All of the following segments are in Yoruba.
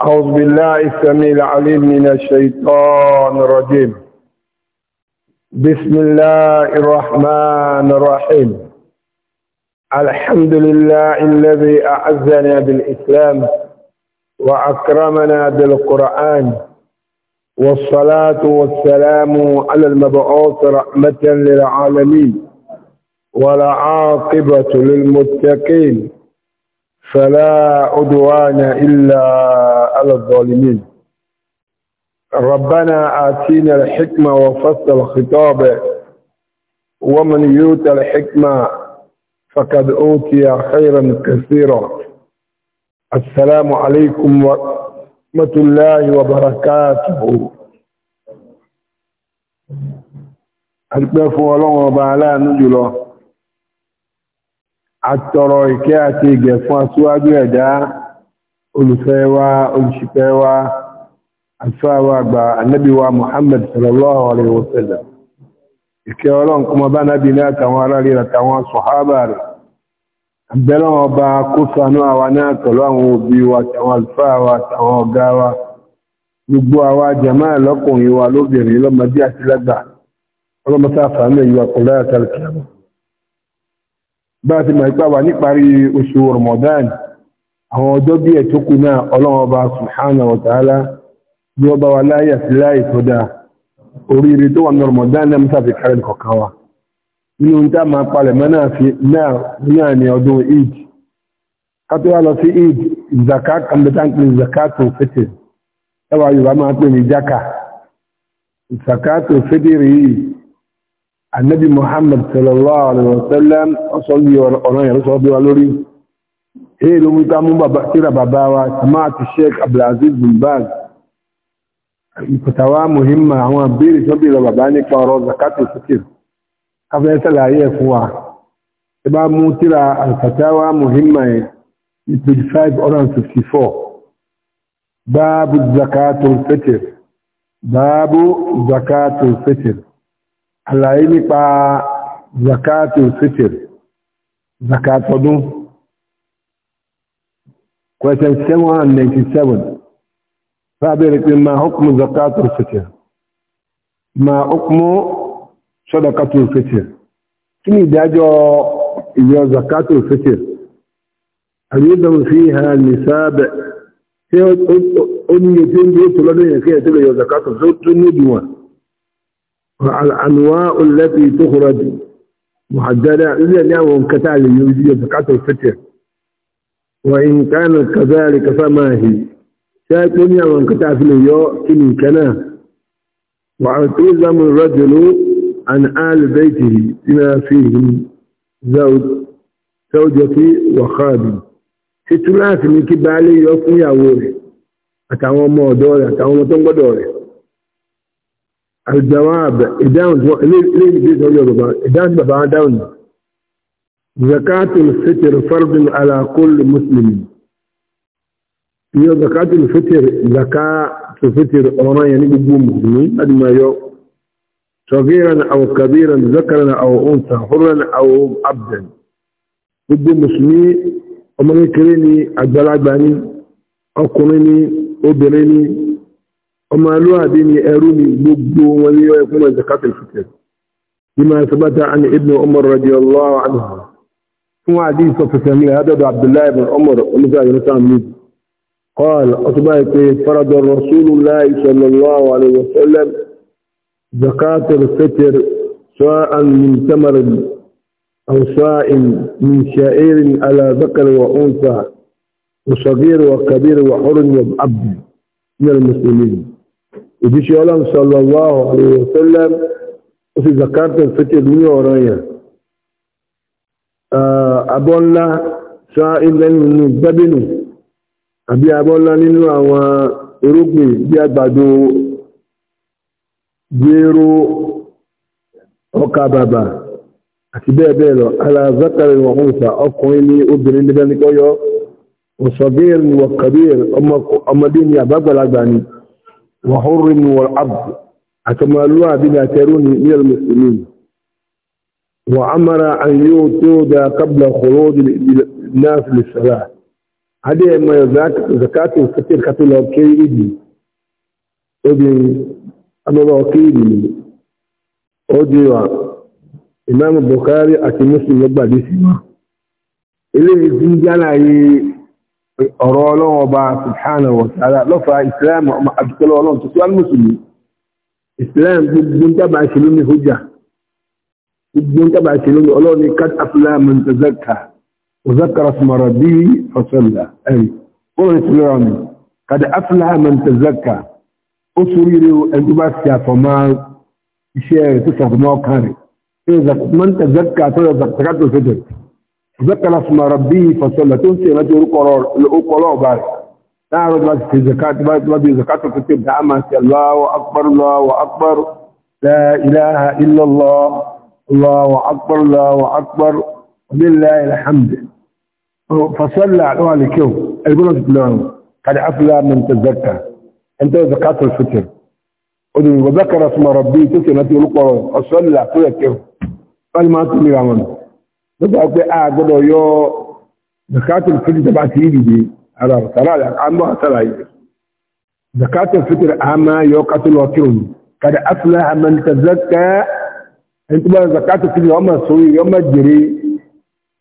أعوذ بالله السميع العليم من الشيطان الرجيم بسم الله الرحمن الرحيم الحمد لله الذي أعزنا بالإسلام وأكرمنا بالقرآن والصلاة والسلام على المبعوث رحمة للعالمين ولا عاقبة للمتقين فلا عدوان إلا على الظالمين ربنا آتينا الحكمة وفصل الخطاب ومن يؤت الحكمة فقد أوتي خيرا كثيرا السلام عليكم ورحمة الله وبركاته أتبع فوالله وبعلا àtọrọ ìkẹ́ àti ìgẹ̀ fún aṣíwájú ẹ̀dá olùfẹ́ wa olùṣìpẹ̀ wa àṣíwáwà àgbà anábíwa Muhammad sallallahu alaihi wasallam ìkẹ́ ọlọ́run kọmọ bá nábi ní àtàwọn aráàlú àtàwọn sọ̀hábà rẹ̀ àbẹ́lọ́n ọba kóṣánú àwa náà pẹ̀lú àwọn òbí wa àtàwọn àlùfáà wa àtàwọn ọ̀gá wa gbogbo àwa jàmáà lọ́kùnrin wa lóbìnrin lọ́mọdé àti lágbà ọlọ́mọsáfà bá ti mọ̀ ipá wà níparí oṣù Ramadan àwọn ọjọ́ bí ẹ̀tọ́ kù náà ọlọ́wọ́ bá subhanahu wa ta'ala bí ọba wa láyà sí láì tó dáa oríire tó wà ní Ramadan náà mọ́sá fi kárẹ̀ kọ̀kan wa nínú ń tá máa palẹ̀ mọ́ náà fi náà ní ọdún Eid kátó wá lọ sí Eid zaka kàmbẹ́tà ń pè zakatul fitr ẹwà Yorùbá máa pè ní jaka zakatul fitr yìí النبي محمد صلى الله عليه وسلم أصلي وأنا يرسل ولوري إيه لو متعمل بابا كده بابا سمعت الشيخ عبد العزيز بن باز فتاوى مهمة هو بيري سبي بابا نيك زكاة الفطر قبل يسأل فوا تبا موترا الفتاوى مهمة page 554 باب زكاة الفطر باب زكاة الفطر àlàyé nípa zakatul fitr zakatọdún question 797 sábẹ̀rẹ̀ pé ma hukmu zakatul fitr ma hukmu sadaqatul fitr kí ni ìdájọ́ ìyọ zakatul fitr àyíkàn fi ha nìsáàbẹ̀ tí ó ní ètò ìdí ètò lọ́dún yẹn kí ẹ̀ tó lè yọ zakatul tó الأنواع التي تخرج محددة إذا نعم كتال يوجد زكاة الفطر وإن كان كذلك فما هي شاكل نعم كتال في اليوم إن كان وعتزم الرجل عن آل بيته بما فيه زوج زوجتي وخادم ستلاف من كبالي يوم يا وري أتعوى مودوري أتعوى متنقدوري الجواب الداون ليه ليه ده يا بابا الداون بابا داون زكاة الفطر فرض على كل مسلم هي زكاة الفطر زكاة الفطر أمانا يعني بيجوا مسلمين قد ما يو صغيرا أو كبيرا ذكرا أو أنثى حرا أو عبدا بيجوا مسلمين أمانا كريني أجبال عباني أو كريني أو بريني ọmọ alúwàdí ni ẹrú ni gbogbo wọn ní ọ̀yẹ́ fún zakat al-fitr bima sabata an ibn umar radiyallahu anhu fún àdí ìsọfẹsẹ̀ ní àdọ́dọ̀ abdullahi ibn umar olùsọ àyẹ̀rọ̀sá mi قال أصبح فرض رسول الله صلى الله عليه وسلم زكاة الفطر سواء من تمر أو سواء من شعير على ذكر وأنثى وصغير وكبير وحر وعبد من المسلمين òjíṣẹ́ ọlọ́run sallallahu alaihi wasallam ó sì zakatul fitr ní ọ̀rọ̀ yẹn ah, abọ́ ńlá sa ilẹ̀ nínú gbẹ́bìnì àbí abọ́ ńlá nínú àwọn irúgbìn bí àgbàdo gbèrò ọkà bàbà àti bẹ́ẹ̀ bẹ́ẹ̀ lọ alazakari wọn ń fa ọkùnrin ní obìnrin níbẹ̀ ní kọ́yọ́ ọ̀sọ̀gẹ́rì ọmọdé ni àbágbàlagbà ni. وحر والعبد أتمالوها بما ترون من المسلمين وعمر أن يؤتوا قبل خروج الناس للصلاة هذه ما زكاة الفطر كتلو كيدي ابن أمر كيدي أدوى إمام البخاري أتي مسلم يبقى دي سيما إليه ọ̀rọ̀ ọlọ́run ọba subhanahu wa ta'ala lọ́fà islam àdúgbò ọlọ́run tó tíwá mùsùlùmí islam gbogbo ń dábàá ṣe lónìí hujja gbogbo ń dábàá ṣe lónìí ọlọ́run ní kat afla man tazakka wa zakara isma rabbihi fa salla ẹ̀rì ọlọ́run ti lọ́ra ذكر اسم ربي فصلى تنسي ما تقول قرار بارك تعرض بس في زكاة ما في زكاة تكتب دعما سي الله أكبر الله أكبر لا إله إلا الله الله أكبر الله أكبر ولله الحمد فصلى على كيو يقول لهم قد أفلى من تزكى أنت زكاة الفطر وذكر اسم ربي تنسي ما تقول قرار فصلى صلى كيو قال ما تقول لهم nígbà pé a gbọ́dọ̀ yọ zakatul fitr bá ti dìde ara sara àmọ́ àtàrà yìí zakatul fitr a máa yọ kátólù ọkìrùn kada aflaha man tazakka ẹni tó bá zakatul fitr ọmọ sórí ọmọ jèrè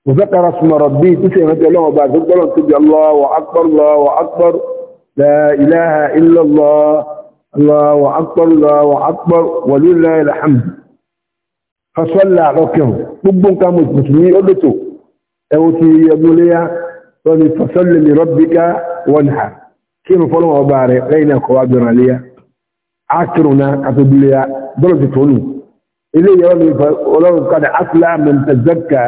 وذكر اسم ربي تسعي متى الله وبعد ذكر تبي الله أكبر الله أكبر لا إله إلا الله الله أكبر الله أكبر ولله الحمد fasọ́là lọ́kẹ̀hùn gbogbo nǹkan mùsùlùmí ó lòtò ẹ̀wọ̀n ti ẹgbẹ́léyà lọ́ni fasọ́là ní rọ́bíkà wọ́n hà kí n fọ́lọ́ ọba rẹ̀ lẹ́yìn ẹ̀kọ́ wa gbẹ̀rẹ̀ léyà ákìrùn náà àtògbìléyà bọ́lọ̀ ti tónù ilé yẹn lọ́ni ọlọ́run kadà ákìlá mẹ́ntẹ́zẹ́kà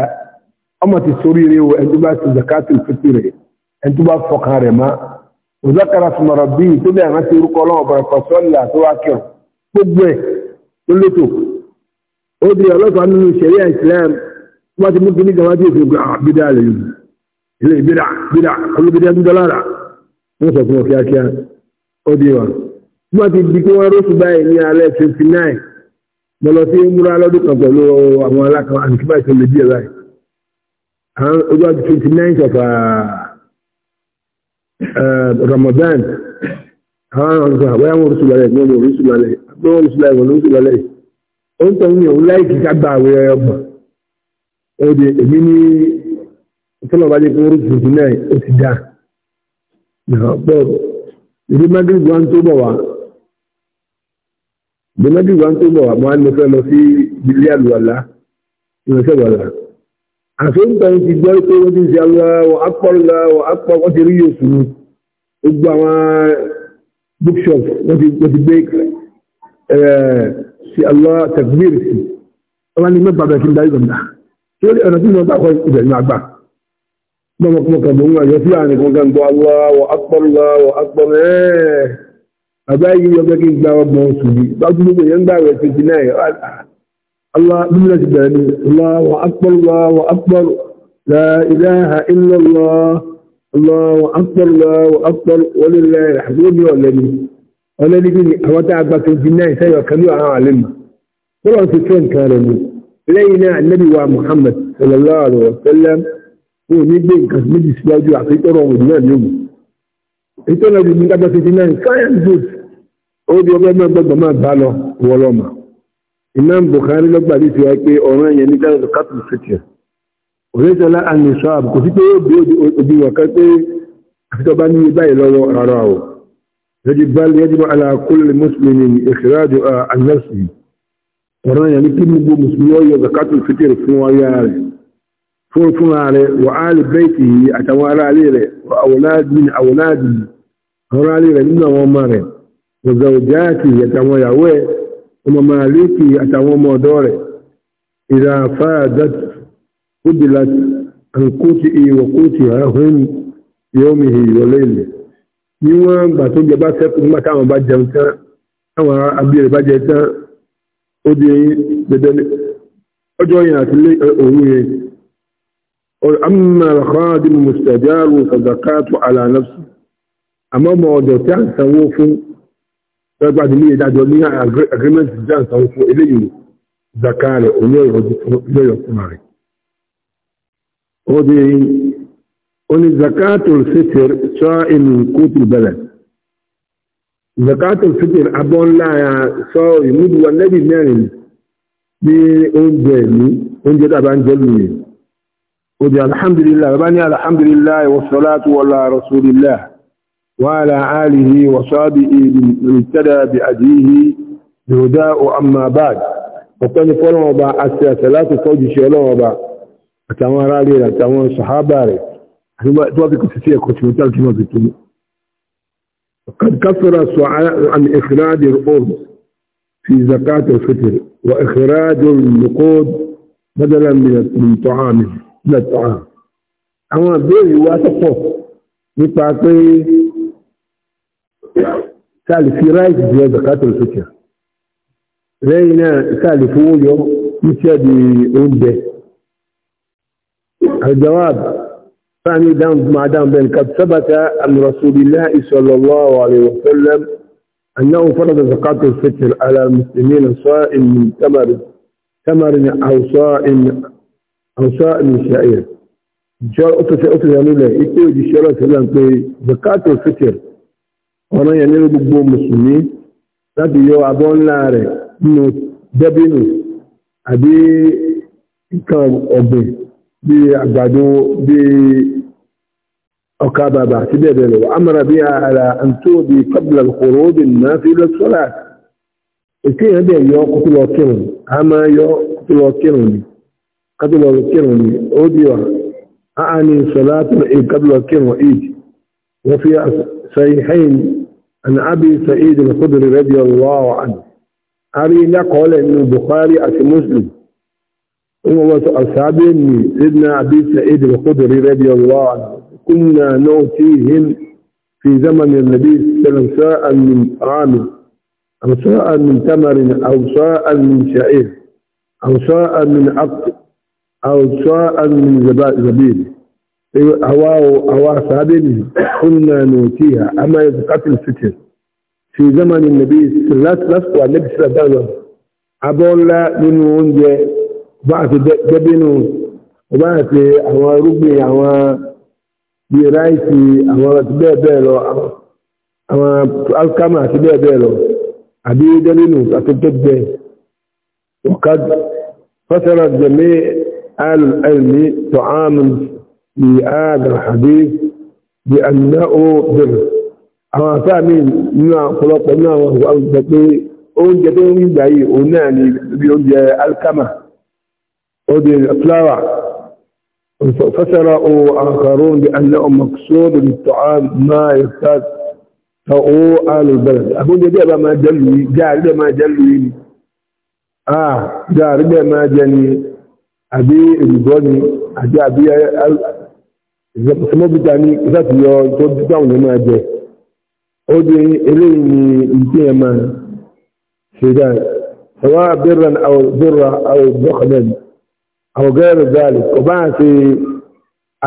ọmọ ti sórí rẹ̀ o ẹ̀dú bá ti zakatul fitr ó di ọlọ́pàá nínú ìṣẹ̀lẹ̀ Islam wọ́n ti mú kí ní gàmá tí òfin ah, bídà lè yìí ilé bídà bídà olùbídà ń dọ́là rà wọ́n sọ fún ọkẹ́ akíá ó di wa wọ́n ti di pé wọ́n rọ́ọ̀sù báyìí ní alẹ́ 29 mo sí múra lọ́dún kan pẹ̀lú àwọn alákan àǹkíbà ìṣẹ̀lẹ̀ díẹ̀ báyìí ojú àti 29 of ah, eh, Ramadan àwọn ọ̀sán àwọn orísùlẹ̀ ẹ̀gbọ́n orísùlẹ̀ ẹ̀gbọ́n orísùlẹ̀ ẹ̀gbọ́n ó ń tọ́wọ́ ní òun láìkì kágbà àwẹ̀ ọgbọ̀n òde èmi ní ìtọ́nà bá jẹ́ pé orí tuntun náà ó ti dá pọ̀ ìdí magrib wa ń tó bọ̀ wá ìdí magrib wa ń tó bọ̀ wá mo á ní fẹ́ lọ sí ilé àlùwàlá ìrẹsẹ̀ wàlá àfẹ́ǹtàn ti gbọ́ pé wọ́n ti ń ṣe aláwọ̀ apọ̀lá apọ̀ wọ́n ti rí yòókù ní gbogbo àwọn bookshop wọ́n ti gbé sí Allah takbir sí wọn ní mẹ́ta bẹ̀rẹ̀ kí n darí gbọ̀ngàn lórí ọ̀nà tí wọ́n bá kọ́ ibẹ̀ ní àgbà gbọ́mọ kọ́ kọ́ mọ́ wọn yọ sí àárín kan gan gbọ́ Allahu akbar Allahu akbar ẹ̀ bàbá yìí yọ pé kí n gba ọgbọ̀n oṣù yìí bá tún gbogbo yẹn ń gbà rẹ̀ twenty nine Allah bí wọ́n ti bẹ̀rẹ̀ ní Allahu akbar Allahu akbar la ilaha illallah Allahu akbar Allahu akbar wọlé lẹ́yìn àti ó ní ọ̀lẹ́ni ọlọ́nibí ni àwọn tá a gba twenty nine sẹ́yọ̀ kanú àwọn àlẹ́mù bọ́lá ti fẹ́ nǹkan rẹ̀ ni lẹ́yìn náà nẹ́bí wa Muhammad sallallahu alaihi wa sallam wọn ò ní gbé nǹkan méjì síwájú àti tọrọ òun náà ní òun ìtọ́nà ti ní kájọ twenty nine science good ó di ọgbẹ́ náà gbọ́gbọ́n máa bá lọ wọlọ́mà Imam Bukhari lọ́gbà bí ti pé ọ̀rọ̀ yẹn ní dáhùn kápù fìtìr òrèsọ́lá àmì sọ́ọ̀bù kò sí pé ó bí òdiwọ̀n kan pé àfitọ́ba ní báyìí lọ́wọ́ rárá o. يجب بل يجب على كل مسلم إخراجها عن نفسه قرنا يعني كل مسلم زكاة الفطر فنواري فول فنواري وآل بيته أتوارى عليه وأولاد من أولاده هرى عليه من وماري وزوجاته يتوارى عليه ومماليكه أتوارى مدوري إذا فادت قبلت عن قوته وقوتها هم يومه وليله níwọ̀n gbà tó jẹ bá sẹ́kù nígbà táwọn bá jẹun tán táwọn abúlé bá jẹ tán ó di dandan ọjọ́ yẹn àti òru yẹn amma al-khadim mustajaru fa zakatu ala nafsi àmọ́ ọmọ ọ̀dọ̀ tí a ń sanwó fún gbẹ́gbà ní ìdájọ́ ní agreement tí a ń sanwó fún eléyìí zakare oníyọ̀ ọdún fún ilé ọkùnrin rẹ̀ ó oni zakatul fitr sa'imin kutul balad zakatul fitr abon la ya so imudu wa nabi merin bi oúnjẹ ni oúnjẹ tá bá ń jẹ luye ó di alhamdulillah bá ní alhamdulillah wa salatu wa la rasulillah wa ala alihi wa sahbihi bi tada bi adihi bi huda wa amma ba'd ọ̀pẹ́ ni fọ́lọ́wọ́ bá àti àtàlátù fọ́jú ṣe ọlọ́wọ́ bá àtàwọn aráàlú rẹ̀ àtàwọn sàhábà rẹ̀ قد كثر سعاء عن إخراج الأرض في زكاة الفطر وإخراج النقود بدلا من الطعام من الطعام أما بيه واتقف نتعطي سالي في رايك في زكاة الفطر لينا سالي فوليو مشي بأنبه. الجواب فأني دام ما دام بين قد ثبت أن رسول الله صلى الله عليه وسلم أنه فرض زكاة الفطر على المسلمين صائم من تمر تمر أو صائم أو صائم شعير جاء أتسى أتسى يقول يعني له إتوى دي شراء سلام في زكاة الفطر وانا يعني ينير بقبو مسلمين láti يو أبون ńlá نو nínú dẹ́bìnù àbí nǹkan ọ̀gbìn bí àgbàdo bí أو كابا باعتبار لو بها على أن تؤدي قبل الخروج الناس إلى الصلاة إذن هذا يوقف الوكيرون أما يوقف الوكيرون قبل الوكيرون أوديو أعني صلاة قبل الوكيرون إيج وفي صحيحين عن أبي سعيد الخدري رضي الله عنه أبي نقول أن البخاري أسي مسلم هو أصابني سيدنا أبي سعيد الخدري رضي الله عنه كنا نؤتيهم في زمن النبي صلى ساء من رام أو ساء من تمر أو ساء من شعير أو ساء من عبد أو ساء من زبيب هواه هواه صابني كنا نوتيها. أما يتقتل فتن في زمن النبي صلى الله عليه وسلم أبولا من وندي بعث جبنه وبعث أوان ربي أوان bí ráìsì àwọn àti bẹ́ẹ̀ bẹ́ẹ̀ lọ àwọn alkama àti bẹ́ẹ̀ bẹ́ẹ̀ lọ àbí dẹ́línù àti tẹ́gbẹ́ ọ̀ká fásitì jẹ́mí alùlẹ́mí tó àmì bí ààdàn àbí bí àmìnà ó bẹ̀rẹ̀ àwọn àfáàmì nínú ọ̀pọ̀lọpọ̀ nínú àwọn àwùjọ pé oúnjẹ tó ń rí yìí òun náà ni bí oúnjẹ alkama ó di fúláwà فسر آخرون بأنه مقصود بالطعام ما يحتاج أو آل البلد أقول يا ما جلوي جار ما جلوي آه جار ما جلوي أبي الجوني أبي أبي sọmọ bí ta ní láti yọ tó dáhùn ní máa jẹ ó dé eléyìí ni ìdí ẹ máa ṣe àwọn gẹ́rù gáàlì kò bá ń ṣe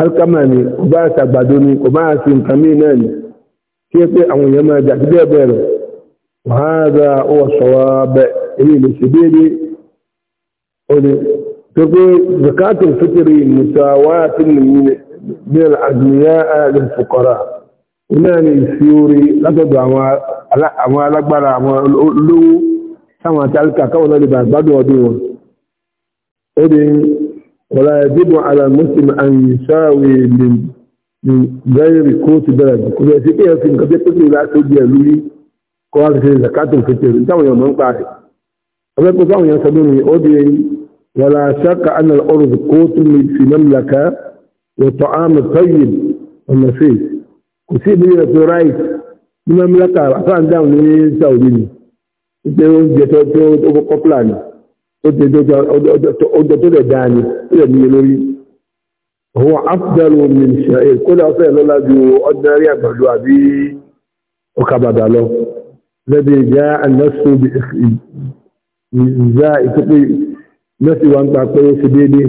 alkama ni kò bá ń ṣe àgbàdo ni kò bá ń ṣe nǹkan mí náà ni kí é pé àwọn èèyàn máa jà sí bẹ́ẹ̀ bẹ́ẹ̀ lọ wàhálà ó sọ̀rọ̀ abẹ èyí lè ṣe déédéé ó ní tó pé zakatul fitri musawatin min al-aghniya lil-fuqara náà ni ìfi látọ̀dọ̀ àwọn alágbára àwọn olówó táwọn àti alkà káwọn náà lè bá gbádùn ọdún wọn إذن ولا يجب على المسلم أن يساوي من من غير قوت بلد كل شيء فيها في قد يقول لا تجي لي قال في زكاة الفطر أنت يوم من قاعد أبقى قام يسموني أودي ولا شك أن الأرض قوت في المملكة وطعام طيب النفيس كثير من الرايس المملكة عشان داون سعودي. Ìjẹ́ oúnjẹ tó tó kọ́pìlà ni ọjọ́ tó lè dáa ni ó lè níye lórí àwọn afdalo min sha'ir kó lọ́wọ́ fẹ́ lọ́la ju ordinary àgbàdo àbí ọkàbàdà lọ lẹ́bi ìjà àlọ́sùn bí ìjà ìtọ́pẹ́ lọ́sì wa ń pa pé ó ṣe déédéé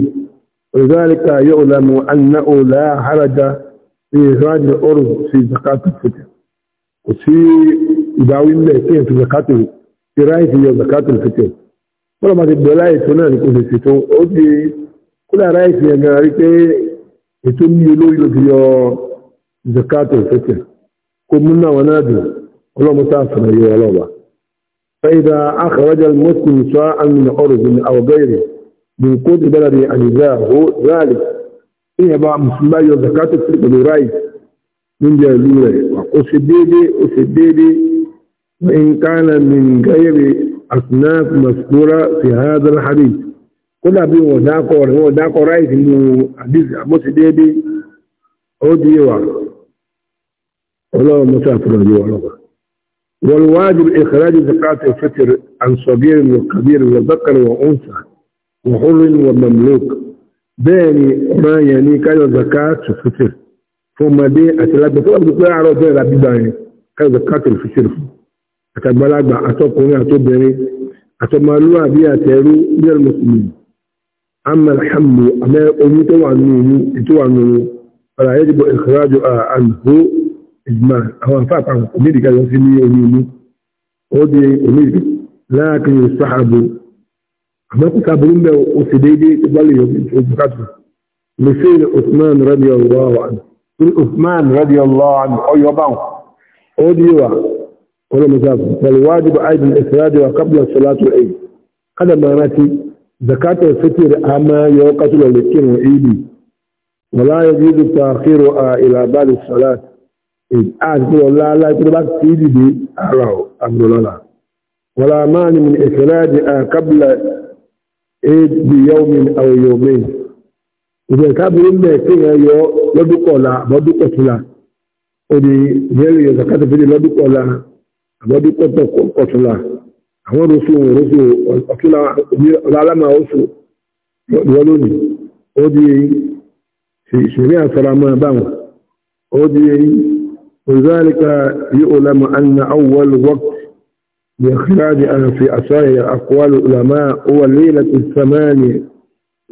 olùdáríkà yóò lámù anna òlà haraja ní ìrìnàjò ọrùn sí zakatu fìtì kò sí ìbáwí ń kí n fi zakatu fi ráìsì yọ zakatu fìtì wọ́n lọ́mọ ti gbọ́ láìsọ náà ní kò sì ṣètò ó ti kúlẹ̀ ara ìsìn ẹ̀gàn rí pé ètò ní olórí ló ti yọ zakato ìfẹ́tẹ̀ kó mú náà wọn náà dùn ọlọ́mọ sáà yọ ọlọ́wà. فإذا أخرج المسلم شاء من أرض أو غيره من قوت بلد أجزاه ذلك إيه بقى مسلم يو زكاة الفرق بالرأي من جلوله وقصد ديدي وقصد ديدي وإن كان من غير أصناف مذكورة في هذا الحديث كل أبي هو وداك رأيك إنه حديث مسديدي أودي وعلا والله مسافر وعلا والواجب إخراج زكاة الفطر عن صغير وكبير وذكر وأنثى وحر ومملوك بيني ما يعني كان زكاة الفطر فما دي أتلاقي فلا بتقول أعرض بين الأبي كان زكاة الفطر الفكر àtàgbàlagbà àtọkùnrin àtobìnrin àtọmọlúwàbí àtẹrú bíẹ̀rù mùsùlùmí amma alhamdu amẹ́ omi tó wà nínú inú ètò wà nínú ọ̀rọ̀ ayé dìbò ìkìrájò àlùkò ìjìmá àwọn afáàpá òmìnirí kan sí ní omi inú ó di òmìnirí láàkì ìsáàbò àmọ́ kò sábà ń bẹ ó sì déédéé tó bá lè yọ ìfowópamọ́ lè fẹ́ ilẹ̀ Usman radiyallahu anhu Usman radiyallahu anhu ọyọ báwọn ó di wà wani musafi walwajib aidin isradi wa kabla salatu aid kada ma rati zakatul fitr amma yawqatul likin wa idi wala yajuzu ta'khiru ila ba'd as-salat id azbu la la tuba tidi bi arao amrulala wala mani min isradi qabla aid bi yawmin aw yawmin idan kabirin da yake yo lodukola lodukola odi yele zakatul fitr lodukola àbọ̀dé pẹ̀pẹ̀ ọ̀túnla àwọn rosu rosu ọ̀túnla ọ̀làlámà oṣù wọ́n lónìí ó di ṣèṣèrí àfẹ́ramọ́ báwọn ó di وذلك يؤلم أن أول وقت لإخراج في أصائر أقوال العلماء هو ليلة الثمانية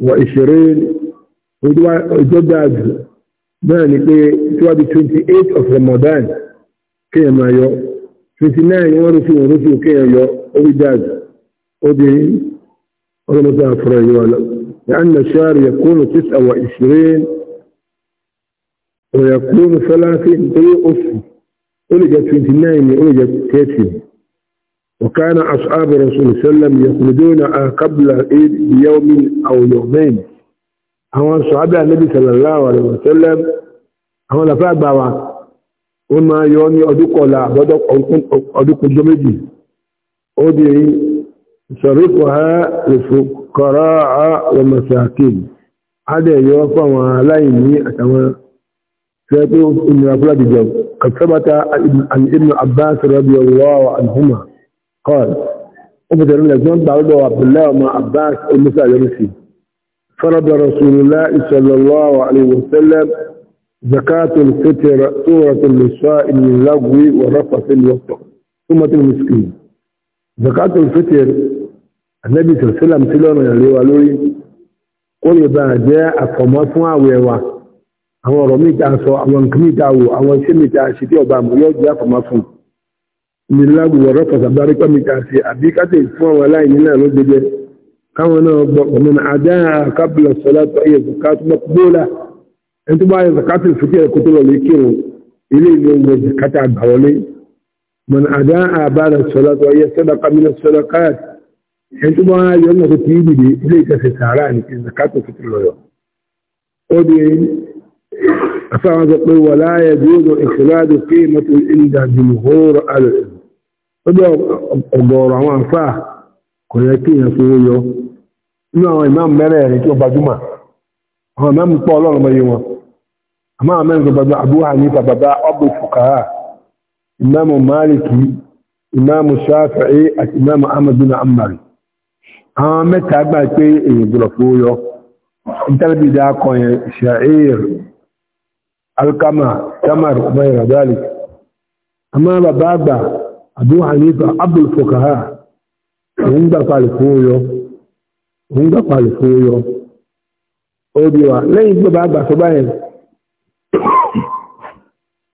وعشرين وجدد ذلك في 28 of Ramadan كما يؤ fifty nine wọ́n rúfin òrúfin kéèyàn yọ orí dáàbò obìnrin ọlọ́mọdé àfọ̀rọ̀ yìí wà lọ. لأن الشهر يكون تسعة وعشرين ويكون ثلاثين أي أسر أولجت 29 أولجت 30 وكان أصحاب رسول الله صلى الله عليه وسلم يخرجون قبل العيد بيوم أو يومين àwọn sọ̀hábẹ́ àlẹ́bí sọ̀lọ́lá àwọn àlẹ́bí sọ̀lọ́m àwọn làfẹ́ àgbà wa ó máa yọ ní ọdún kọlá ọdún kọjọ méjì ó di ìṣọ̀ríkọ̀ ha ìfòkọ̀rọ̀ àwọn masakin adẹ̀yọ fáwọn aláìní àtàwọn fẹ́ tó ìnira fúlá dìjọ kàtàbàtà ibn abbas radiyallahu anhuma qala ó bẹ̀rẹ̀ nílẹ̀ tí wọ́n gbà lọ́dọ̀ abdullahi ọmọ abbas olùsàlẹ̀ rẹ̀ sí فرض رسول الله صلى الله عليه وسلم زكاة الفطر صورة للسائل من لغو ورفث الوسط ثم المسكين زكاة الفطر النبي صلى الله عليه وسلم سلونا يلي ولوري قل يبا جاء فمسوا ويوا àwọn ọ̀rọ̀ mítà sọ àwọn nǹkan mítà wò àwọn iṣẹ́ mítà ṣe tí ọba àmọ́ yóò jẹ́ àfọ̀mọ́ fún ní lágbègbè ọ̀rọ̀ fọ̀sàbáríkọ́ mítà ṣe àbí káṣẹ̀ fún àwọn aláìní náà ló gbẹgbẹ káwọn náà gbọ́ ọ̀nà àdáhà kábìlà sọ́lá tó ẹ̀yẹ̀ kó ká ẹni tó bá yẹ zakatul fitr ẹ̀kọ́ tó lọ́lẹ̀ kírun ilé ìlú ọgbẹ́ zakata àgbàwọlé mọ̀n àdá àbára sọ̀rọ̀ tó yẹ sọ́dọ̀ kamínà sọ̀rọ̀ káàtì ẹni tó bá yọ ọmọ tó ti yí dìde ilé ìkẹsẹ̀ sàárà ní ti zakatul fitr lọ́yọ̀ ó di afáwọn sọ pé wà láyé dúró ìṣèlú pé mọ́tò ìdá jùmùhóró alẹ́ lọ́dọ̀ ọ̀gọ̀ọ̀rọ̀ àwọn àfáà kò yẹ kí èèyàn fowó yọ nínú àwọn ìmáàmù mẹ́rẹ̀ẹ̀rin tí ó gbajúmọ̀ àwọn ìmáàmù pọ̀ ọlọ́run mọ́yé wọn amma a mẹ́rin bàbá abu hanifa bàbá abu fukaha imamu maliki imamu shafi'i àti imamu ahmadu na amari àwọn mẹ́ta gbà pé èyí gbọ́dọ̀ fóyọ́ ìtàlẹ́bí da kọ yẹn sha'ir alkama tamar umaira dalik amma ba ba abu hanifa abu fukaha òun gbà palẹ̀ fóyọ́ òun gbà palẹ̀ fóyọ́ ó bí wa lẹ́yìn bàbá àgbà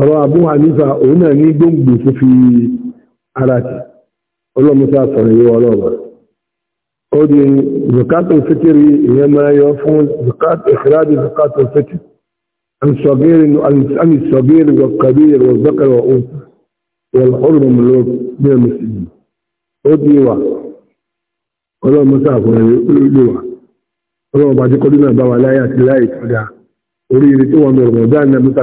ọ̀rọ̀ Abu Hanifa òun náà ní gbòǹgbò tó fi ara tì ọlọ́mọta sọ̀rọ̀ yíwọ ọlọ́wọ́ ó di zukato fitiri ìyẹn máa yọ fún zukato ìfìládì zukato fitiri an sọ̀gẹ́rì wa kabir wa zakar wa otu wal hurmu mulok ní musulmi ó di wa ọlọ́mọta sọ̀rọ̀ yíwọ ọlọ́mọba jẹ́ kọ́dún náà láyé àti láyé tó dáa oríire tí wọ́n mẹ́rọ̀ mọ̀ dáa náà mọ́ta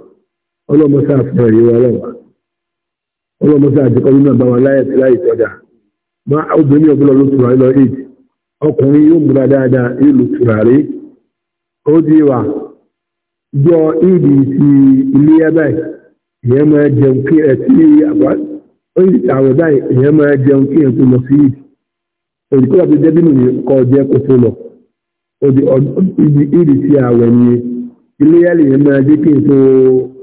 ọlọ́mọsá fún ẹ̀rí wa lọ́wọ́ ọlọ́mọsá àti kọ́ nínú àbáwọn láyẹ̀tì láyé tọ́jà má obìnrin ọ̀gbọ́n ló tura lọ èdè ọkùnrin yóò múra dáadáa tura rí ó di wa ti ilé ìyẹn máa jẹun kí ẹ báyìí ìyẹn máa jẹun kí ẹ tó lọ sí àti dẹ́bìnú ni kọ́ jẹ́ kó tó lọ ìdí ti àwẹ̀ ni ilé máa kí n tó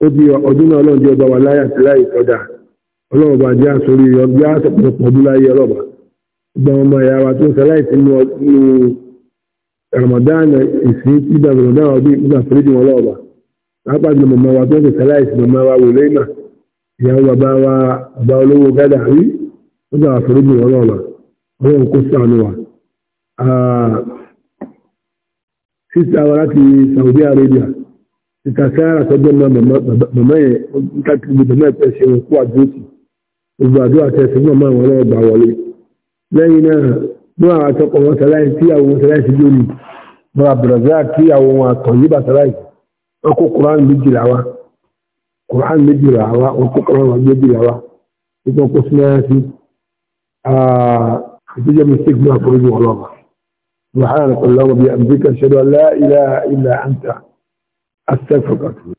ó di ọdún náà ọlọ́run jẹ́ ọba wa láyé àti láyé tọ́jà ọlọ́run bá jẹ́ àsorí ọgbẹ́ àtọ̀pọ̀lọpọ̀ ọdún láyé ọlọ́ba gbọ́n ọmọ ẹ̀yà wa tó ń sọ láì sínú Ramadan ìsìn ìgbà Ramadan ọdún ìgbà àforíjì wọn ọlọ́ba pàápàá jùlọ mọ̀mọ́ wa tó ń sọ láì sínú mọ̀mọ́ wa wò lẹ́yìnà ìyàwó bàbá wa bàbá olówó gádà rí ọgbà àforíjì wọn ọlọ́ba ọlọ́run kó ṣàánú wa. Ah, sísá wa láti Saudi Arabia nka sára sọjọ́ náà màmá yẹn nka tóbi màmá yẹn pẹ̀sẹ̀ wọn kó àdúró sí gbogbo àdúrà tẹ̀sí màmá wọn náà gbà wọlé lẹ́yìn náà ní àwọn àtọkọ wọn sàlàyé tíyàwó wọn sàlàyé sí lónìí wọn àbùrọ̀dá tíyàwó wọn àtọ̀ yíbà sàlàyé wọn kó kuran méjìlá wa kuran méjìlá wa wọn kó kuran méjìlá wa wọn kó sinaya sí ìdíjẹ́ mi sí ìgbìmọ̀ àforíjì wọn lọ́wọ́ I still forgot.